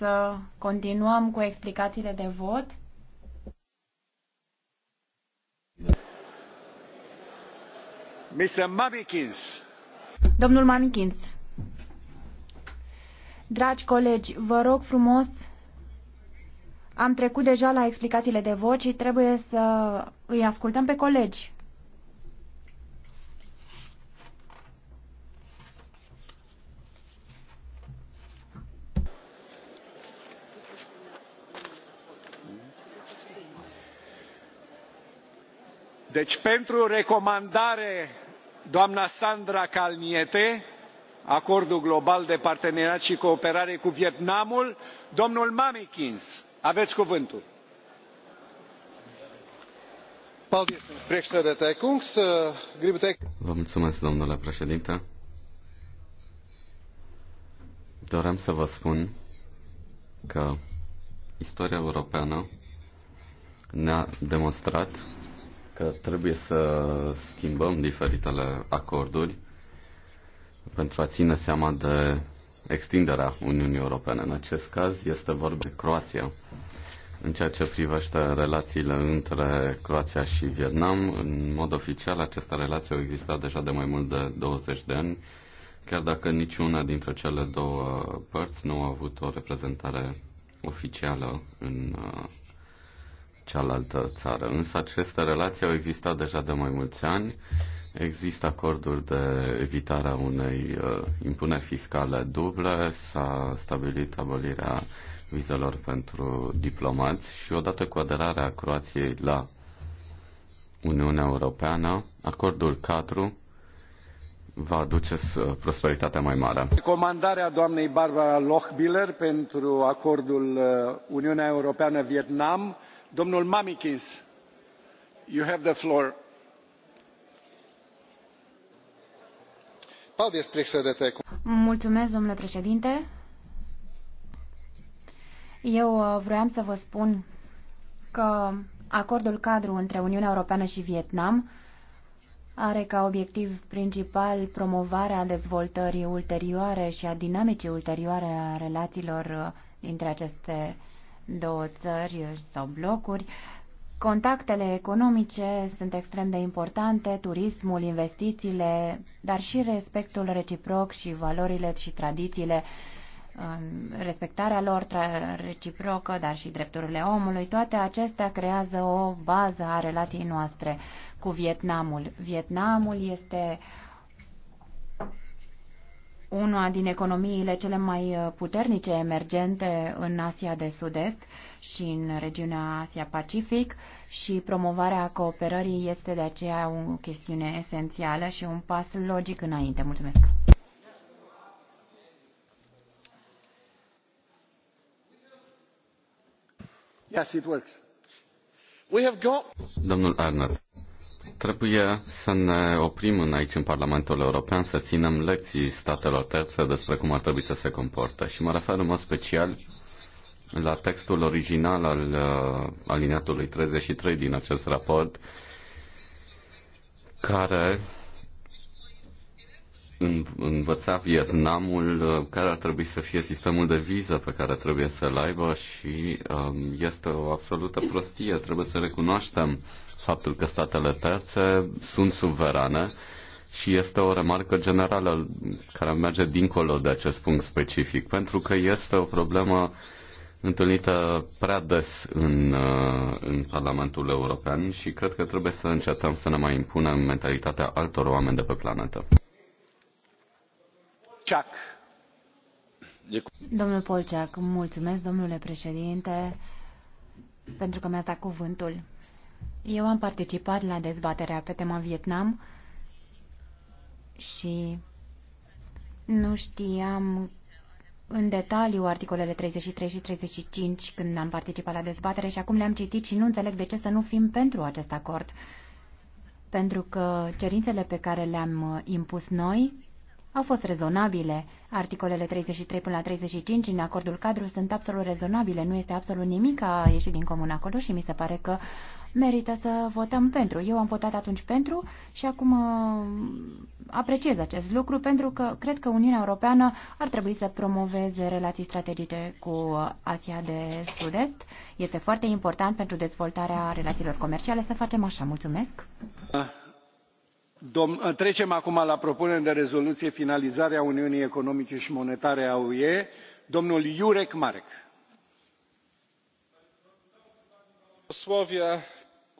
să continuăm cu explicațiile de vot. Mr. Mamikins. Domnul Mamikins. Dragi colegi, vă rog frumos, am trecut deja la explicațiile de vot și trebuie să îi ascultăm pe colegi. deci pentru recomandare doamna sandra kalniete acordul global de parteneriat și cooperare cu vietnamul domnul mamikins aveți cuvântul. Vă mulțumesc, domnule președinte. Doream să vă spun că istoria europeană ne-a demonstrat că trebuie să schimbăm diferitele acorduri pentru a ține seama de extinderea Uniunii Europene. În acest caz este vorba de Croația. În ceea ce privește relațiile între Croația și Vietnam, în mod oficial aceste relații au existat deja de mai mult de 20 de ani, chiar dacă niciuna dintre cele două părți nu a avut o reprezentare oficială în uh, cealaltă țară. Însă aceste relații au existat deja de mai mulți ani. Există acorduri de evitare unei uh, impuneri fiscale duble, s-a stabilit abolirea vizelor pentru diplomați și odată cu aderarea Croației la Uniunea Europeană, acordul cadru va aduce uh, prosperitatea mai mare. Recomandarea doamnei Barbara Lochbiller pentru acordul uh, Uniunea Europeană-Vietnam domnul you have the floor. Mulțumesc, domnule președinte eu uh, vroiam să vă spun că acordul cadru între uniunea europeană și vietnam are ca obiectiv principal promovarea dezvoltării ulterioare și a dinamicii ulterioare a relațiilor uh, dintre aceste două țări sau blocuri. Contactele economice sunt extrem de importante, turismul, investițiile, dar și respectul reciproc și valorile și tradițiile, um, respectarea lor reciprocă, dar și drepturile omului, toate acestea creează o bază a relației noastre cu Vietnamul. Vietnamul este uh, una din economiile cele mai uh, puternice emergente în Asia de Sud-Est și în regiunea Asia-Pacific și promovarea cooperării este de aceea o chestiune esențială și un pas logic înainte. Mulțumesc! Yes, it works. We have got... Domnul Arnold, Trebuie să ne oprim în aici în Parlamentul European să ținem lecții statelor terțe despre cum ar trebui să se comportă și mă refer în mod special la textul original al uh, alineatului 33 din acest raport care învăța Vietnamul uh, care ar trebui să fie sistemul de viză pe care trebuie să-l aibă și um, este o absolută prostie. Trebuie să recunoaștem faptul că statele terțe sunt suverane și este o remarcă generală care merge dincolo de acest punct specific, pentru că este o problemă întâlnită prea des în, uh, în Parlamentul European și cred că trebuie să încetăm să ne mai impunem mentalitatea altor oameni de pe planetă. Ceac. Domnul Polceac, mulțumesc, domnule președinte, pentru că mi-a dat cuvântul. Eu am participat la dezbaterea pe tema Vietnam și nu știam în detaliu articolele 33 și 35 când am participat la dezbatere și acum le-am citit și nu înțeleg de ce să nu fim pentru acest acord. Pentru că cerințele pe care le-am uh, impus noi au fost rezonabile. Articolele 33 până la 35 în acordul cadru sunt absolut rezonabile. Nu este absolut nimic a ieșit din comun acolo și mi se pare că merită să votăm pentru. Eu am votat atunci pentru și acum uh, apreciez acest lucru pentru că cred că Uniunea Europeană ar trebui să promoveze relații strategice cu uh, Asia de Sud-Est. Este foarte important pentru dezvoltarea relațiilor comerciale să facem așa. Mulțumesc! Dom uh, trecem acum la propunerea de rezoluție finalizarea uniunii economice și monetare a ue domnul jurek marek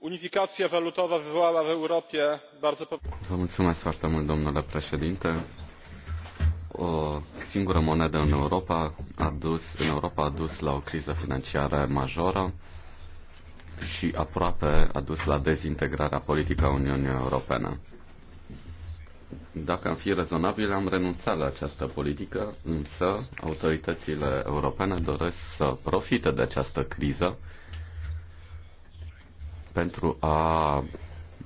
Unificația valutowa wywołała w Europie bardzo... Vă mulțumesc foarte mult, domnule președinte. O singură monedă în Europa a dus, în Europa a dus la o criză financiară majoră și aproape a dus la dezintegrarea politică a Uniunii Europene. Dacă am fi rezonabil, am renunțat la această politică, însă autoritățile europene doresc să profite de această criză pentru a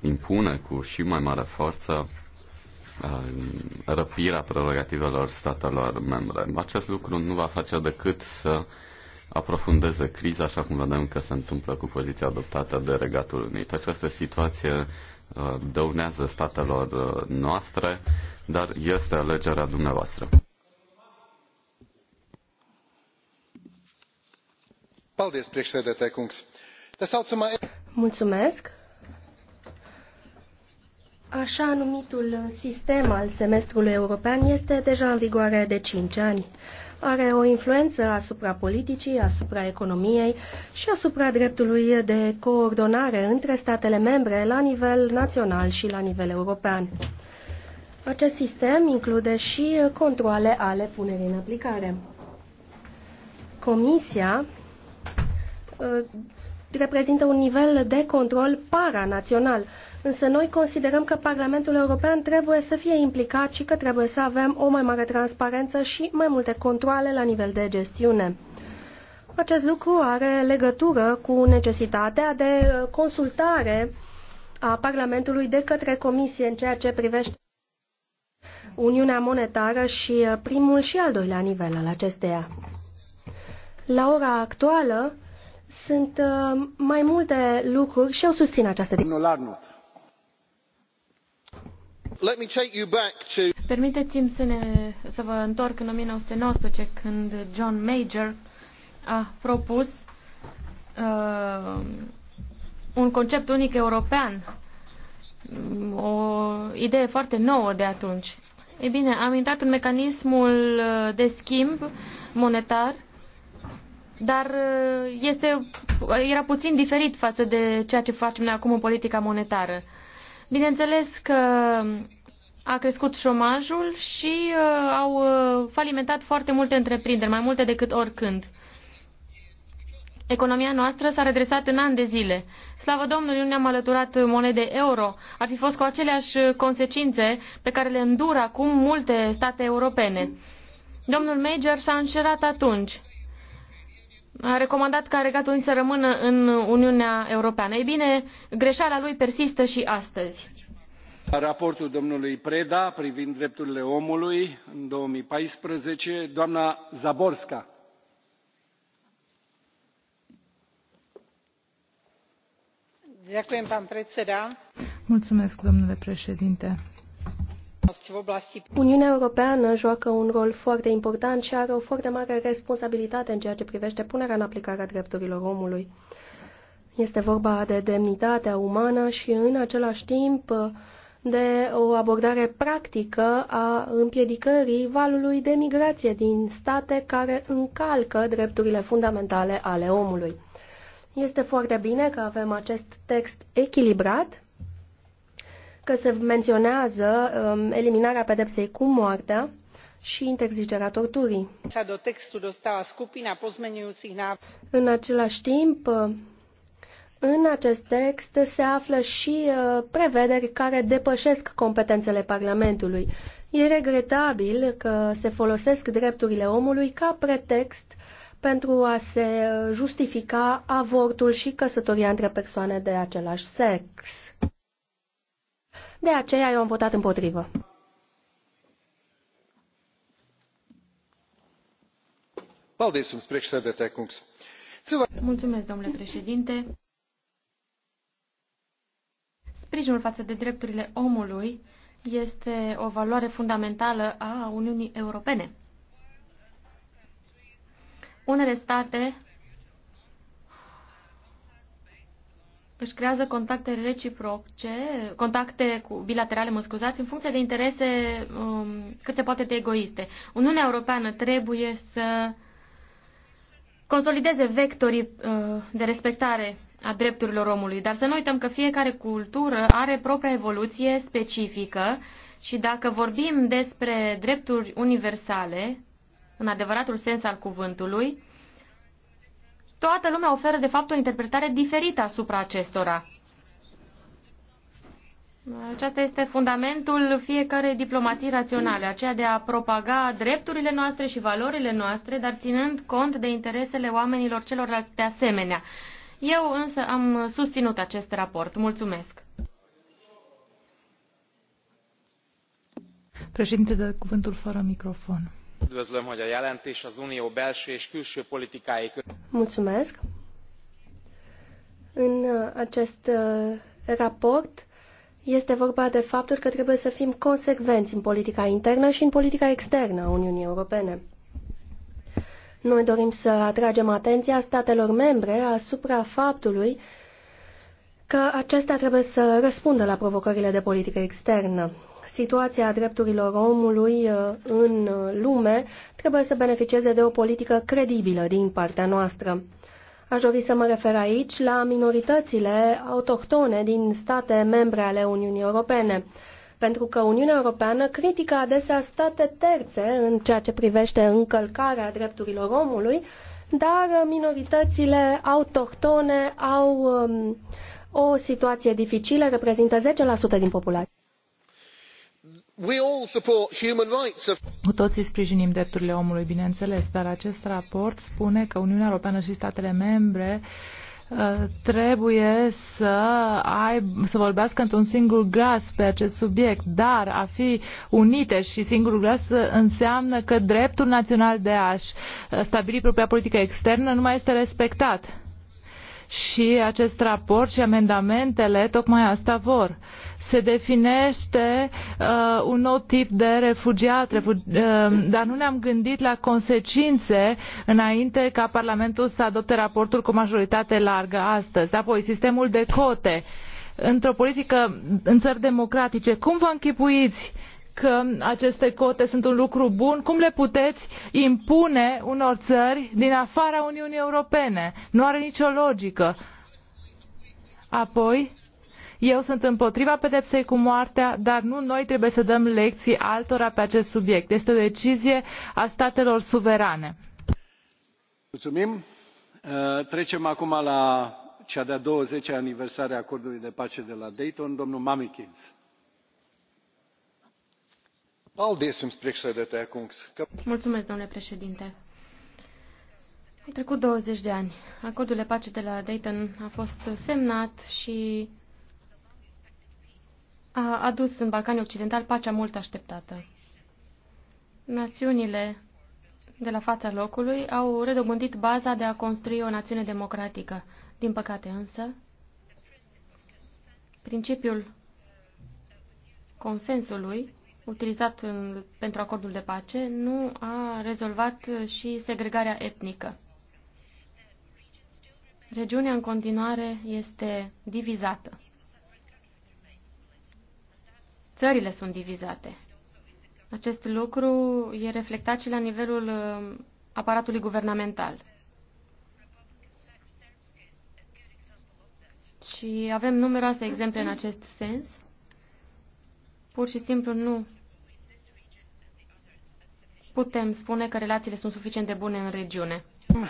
impune cu și mai mare forță uh, răpirea prerogativelor statelor membre. Acest lucru nu va face decât să aprofundeze criza, așa cum vedem că se întâmplă cu poziția adoptată de Regatul Unit. Această situație uh, dăunează statelor uh, noastre, dar este alegerea dumneavoastră. Paldies, priekšsēdētāj kungs. Mulțumesc. Așa numitul sistem al semestrului european este deja în vigoare de 5 ani. Are o influență asupra politicii, asupra economiei și asupra dreptului de coordonare între statele membre la nivel național și la nivel european. Acest sistem include și controle ale punerii în aplicare. Comisia reprezintă un nivel de control paranațional. Însă noi considerăm că Parlamentul European trebuie să fie implicat și că trebuie să avem o mai mare transparență și mai multe controle la nivel de gestiune. Acest lucru are legătură cu necesitatea de consultare a Parlamentului de către Comisie în ceea ce privește Uniunea Monetară și primul și al doilea nivel al acesteia. La ora actuală, sunt uh, mai multe lucruri și eu susțin această Domnul Permiteți-mi să, ne, să vă întorc în 1919 când John Major a propus uh, un concept unic european, o idee foarte nouă de atunci. Ei bine, am intrat în mecanismul uh, de schimb monetar uh, dar uh, este, era puțin diferit față de ceea ce facem noi acum în politica monetară. Bineînțeles că a crescut șomajul și uh, au uh, falimentat foarte multe întreprinderi, mai multe decât oricând. Economia noastră s-a redresat în ani de zile. Slavă Domnului, nu ne-am alăturat monede euro. Ar fi fost cu aceleași consecințe pe care le îndură acum multe state europene. Domnul Major s-a înșerat atunci a recomandat ca Regatul Unit să rămână în Uniunea Europeană. Ei bine, greșeala lui persistă și astăzi. Raportul domnului Preda privind drepturile omului în 2014, doamna Zaborska. Mulțumesc, domnule președinte Uniunea Europeană joacă un rol foarte important și are o foarte mare responsabilitate în ceea ce privește punerea în aplicare a drepturilor omului. Este vorba de demnitatea umană și în același timp de o abordare practică a împiedicării valului de migrație din state care încalcă drepturile fundamentale ale omului. Este foarte bine că avem acest text echilibrat că se menționează um, eliminarea pedepsei cu moartea și interzicerea torturii. În același timp, în acest text se află și uh, prevederi care depășesc competențele Parlamentului. E regretabil că se folosesc drepturile omului ca pretext pentru a se uh, justifica avortul și căsătoria între persoane de același sex. De aceea eu am votat împotrivă. Mulțumesc, domnule președinte. Sprijinul față de drepturile omului este o valoare fundamentală a Uniunii Europene. Unele state își creează contacte reciproce, contacte cu, bilaterale, mă scuzați, în funcție de interese um, cât se poate de egoiste. Uniunea Europeană trebuie să consolideze vectorii uh, de respectare a drepturilor omului, dar să nu uităm că fiecare cultură are propria evoluție specifică și dacă vorbim despre drepturi universale, în adevăratul sens al cuvântului, toată lumea oferă de fapt o interpretare diferită asupra acestora. Aceasta este fundamentul fiecarei diplomații raționale, aceea de a propaga drepturile noastre și valorile noastre, dar ținând cont de interesele oamenilor celorlalți de asemenea. Eu însă am susținut acest raport. Mulțumesc! Președinte, de cuvântul fără microfon üdvözlöm hogy a jelentés az unió belső és külső politikái Mulțumesc. În uh, acest uh, raport este vorba de faptul că trebuie să fim consecvenți în politica internă și în politica externă a Uniunii Europene. Noi dorim să atragem atenția statelor membre asupra faptului că acestea trebuie să răspundă la provocările de politică externă situația drepturilor omului uh, în uh, lume, trebuie să beneficieze de o politică credibilă din partea noastră. Aș dori să mă refer aici la minoritățile autohtone din state membre ale Uniunii Europene, pentru că Uniunea Europeană critică adesea state terțe în ceea ce privește încălcarea drepturilor omului, dar minoritățile autohtone au um, o situație dificilă, reprezintă 10% din populație cu toții sprijinim drepturile omului, bineînțeles, dar acest raport spune că Uniunea Europeană și statele membre uh, trebuie să, ai, să vorbească într-un singur glas pe acest subiect, dar a fi unite și singurul glas înseamnă că dreptul național de a-și uh, stabili propria politică externă nu mai este respectat. Și acest raport și amendamentele tocmai asta vor se definește uh, un nou tip de refugiat, refugi, uh, dar nu ne-am gândit la consecințe înainte ca Parlamentul să adopte raportul cu majoritate largă astăzi. Apoi, sistemul de cote într-o politică în țări democratice. Cum vă închipuiți că aceste cote sunt un lucru bun? Cum le puteți impune unor țări din afara Uniunii Europene? Nu are nicio logică. Apoi, eu sunt împotriva pedepsei cu moartea, dar nu noi trebuie să dăm lecții altora pe acest subiect. Este o decizie a statelor suverane. Mulțumim. Uh, trecem acum la cea de-a 20 aniversare a acordului de pace de la Dayton. Domnul Mamikins. Mulțumesc, domnule președinte. Au trecut 20 de ani. Acordul de pace de la Dayton a fost semnat și a adus în Balcanii Occidentali pacea mult așteptată. Națiunile de la fața locului au redobândit baza de a construi o națiune democratică. Din păcate însă, principiul consensului utilizat în, pentru acordul de pace nu a rezolvat și segregarea etnică. Regiunea în continuare este divizată țările sunt divizate. Acest lucru e reflectat și la nivelul uh, aparatului guvernamental. Și avem numeroase exemple în acest sens. Pur și simplu nu putem spune că relațiile sunt suficient de bune în regiune. Uh,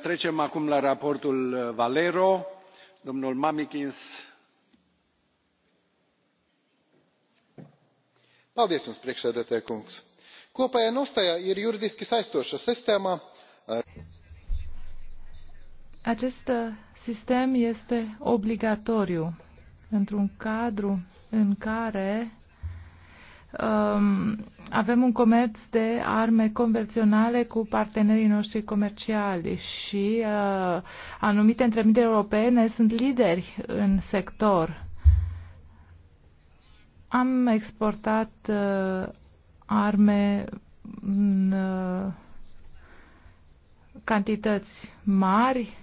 trecem acum la raportul uh, Valero. Domnul Mamikins Paldies jums, priekšsēdētāja kungs. Kopējā nostājā ir juridiski saistoša sistēma. Acest uh, sistem este obligatoriu într-un cadru în care um, avem un comerț de arme convenționale cu partenerii noștri comerciali și uh, anumite întreprinderi europene sunt lideri în sector am exportat uh, arme în uh, cantități mari.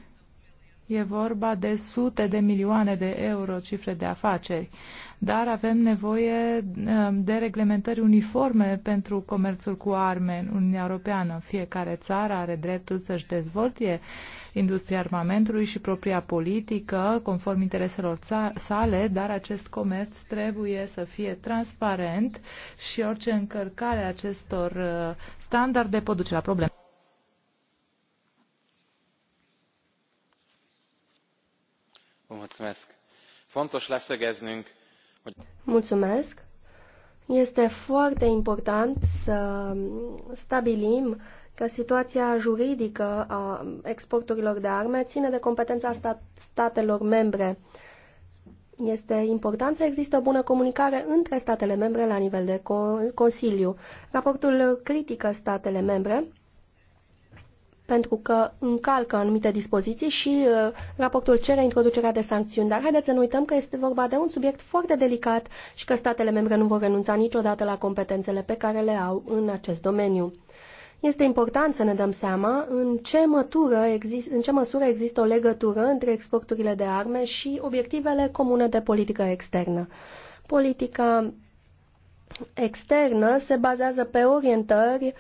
E vorba de sute de milioane de euro cifre de afaceri, dar avem nevoie um, de reglementări uniforme pentru comerțul cu arme în Uniunea Europeană. Fiecare țară are dreptul să-și dezvolte uh, industria armamentului și propria politică, conform intereselor sale, dar acest comerț trebuie să fie transparent și orice încărcare a acestor uh, standarde pot duce la probleme. Mulțumesc. Fontos leszögeznünk, hogy... Mulțumesc. Este foarte important să stabilim că situația juridică a exporturilor de arme ține de competența statelor membre. Este important să existe o bună comunicare între statele membre la nivel de Consiliu. Raportul critică statele membre pentru că încalcă anumite dispoziții și uh, raportul cere introducerea de sancțiuni. Dar haideți să nu uităm că este vorba de un subiect foarte delicat și că statele membre nu vor renunța niciodată la competențele pe care le au în acest domeniu. Este important să ne dăm seama în ce, mătură exist, în ce măsură există o legătură între exporturile de arme și obiectivele comune de politică externă. Politica externă se bazează pe orientări uh,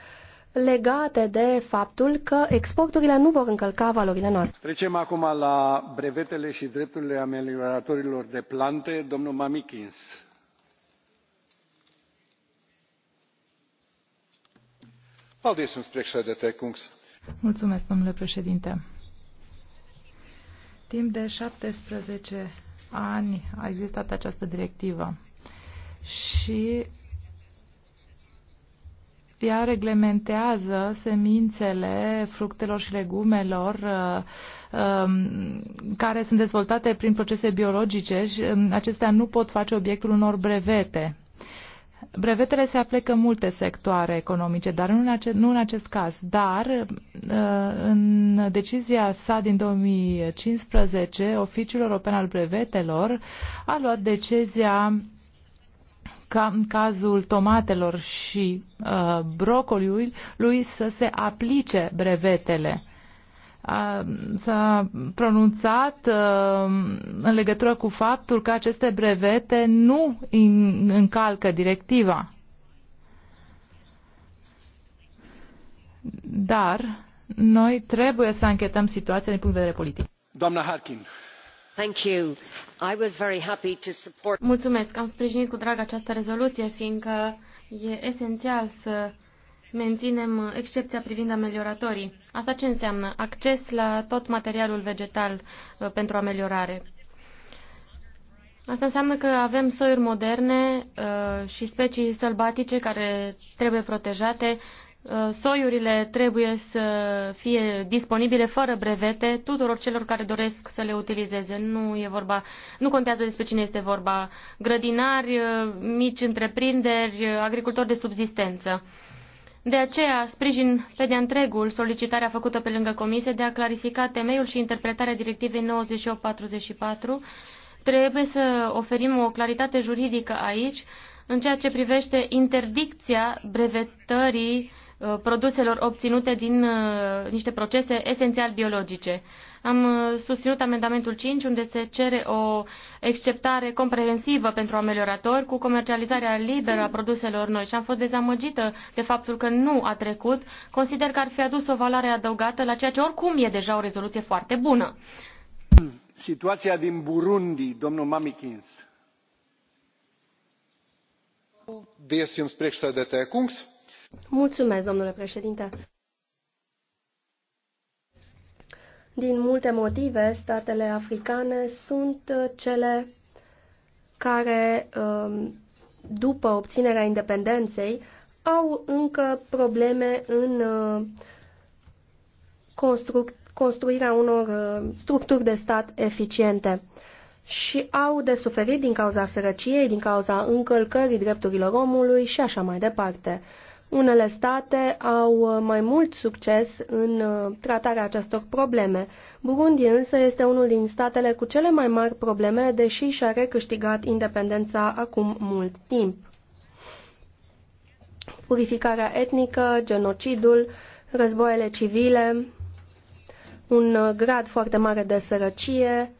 legate de faptul că exporturile nu vor încălca valorile noastre. Trecem acum la brevetele și drepturile amelioratorilor de plante. Domnul Mamikins. Mulțumesc, domnule președinte. Timp de 17 ani a existat această directivă și ea reglementează semințele fructelor și legumelor uh, um, care sunt dezvoltate prin procese biologice și um, acestea nu pot face obiectul unor brevete. Brevetele se aplică în multe sectoare economice, dar nu în acest, nu în acest caz. Dar uh, în decizia sa din 2015, Oficiul European al Brevetelor a luat decizia ca în cazul tomatelor și uh, brocoliului, lui să se aplice brevetele. S-a pronunțat uh, în legătură cu faptul că aceste brevete nu in, încalcă directiva. Dar noi trebuie să anchetăm situația din punct de vedere politic. Doamna Harkin. Mulțumesc. am sprijinit cu drag această rezoluție fiindcă e esențial să menținem excepția privind amelioratorii. Asta ce înseamnă? Acces la tot materialul vegetal uh, pentru ameliorare. Asta înseamnă că avem soiuri moderne uh, și specii sălbatice care trebuie protejate Uh, soiurile trebuie să fie disponibile fără brevete tuturor celor care doresc să le utilizeze. Nu e vorba, nu contează despre cine este vorba. Grădinari, uh, mici întreprinderi, uh, agricultori de subzistență. De aceea, sprijin pe de întregul solicitarea făcută pe lângă comisie de a clarifica temeiul și interpretarea directivei 9844. Trebuie să oferim o claritate juridică aici în ceea ce privește interdicția brevetării Uh, produselor obținute din uh, niște procese esențial biologice. Am uh, susținut amendamentul 5, unde se cere o exceptare comprehensivă pentru amelioratori cu comercializarea liberă a produselor noi și am fost dezamăgită de faptul că nu a trecut. Consider că ar fi adus o valoare adăugată la ceea ce oricum e deja o rezoluție foarte bună. Situația din Burundi, domnul Mamikins. Desims priekšsēdētāja kungs, Mulțumesc, domnule președinte. Din multe motive, statele africane sunt uh, cele care, um, după obținerea independenței, au încă probleme în uh, constru construirea unor uh, structuri de stat eficiente și au de suferit din cauza sărăciei, din cauza încălcării drepturilor omului și așa mai departe. Unele state au uh, mai mult succes în uh, tratarea acestor probleme. Burundi însă este unul din statele cu cele mai mari probleme, deși și-a recâștigat independența acum mult timp. Purificarea etnică, genocidul, războaiele civile, un uh, grad foarte mare de sărăcie,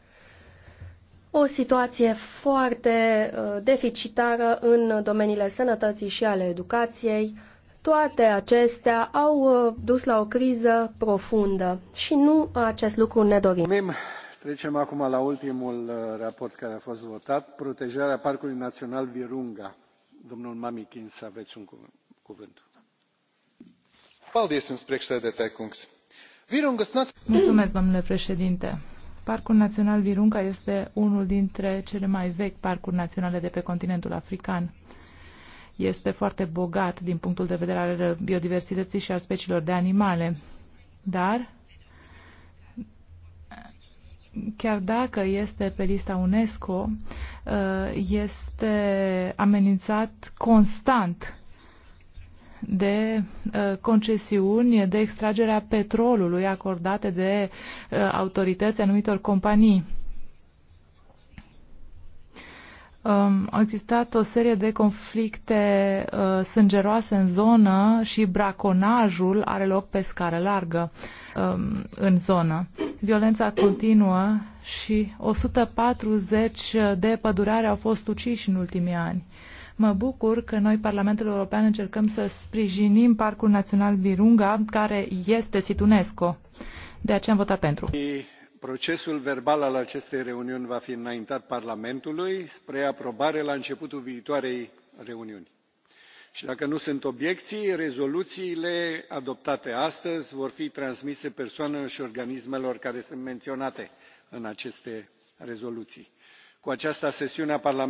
o situație foarte deficitară în domeniile sănătății și ale educației, toate acestea au uh, dus la o criză profundă și nu acest lucru ne dorim. Mim. Trecem acum la ultimul uh, raport care a fost votat, protejarea Parcului Național Virunga. Domnul să aveți un cuvânt. Mulțumesc, domnule președinte. Parcul Național Virunga este unul dintre cele mai vechi parcuri naționale de pe continentul african este foarte bogat din punctul de vedere al biodiversității și al speciilor de animale. Dar, chiar dacă este pe lista UNESCO, uh, este amenințat constant de uh, concesiuni de extragerea petrolului acordate de uh, autorități anumitor companii um, au existat o serie de conflicte uh, sângeroase în zonă și braconajul are loc pe scară largă um, în zonă. Violența continuă și 140 de pădurare au fost uciși în ultimii ani. Mă bucur că noi, Parlamentul European, încercăm să sprijinim Parcul Național Virunga, care este sit UNESCO. De aceea am votat pentru procesul verbal al acestei reuniuni va fi înaintat parlamentului spre aprobare la începutul viitoarei reuniuni și dacă nu sunt obiecții rezoluțiile adoptate astăzi vor fi transmise persoanelor și organismelor care sunt menționate în aceste rezoluții. cu aceasta sesiunea parlamentului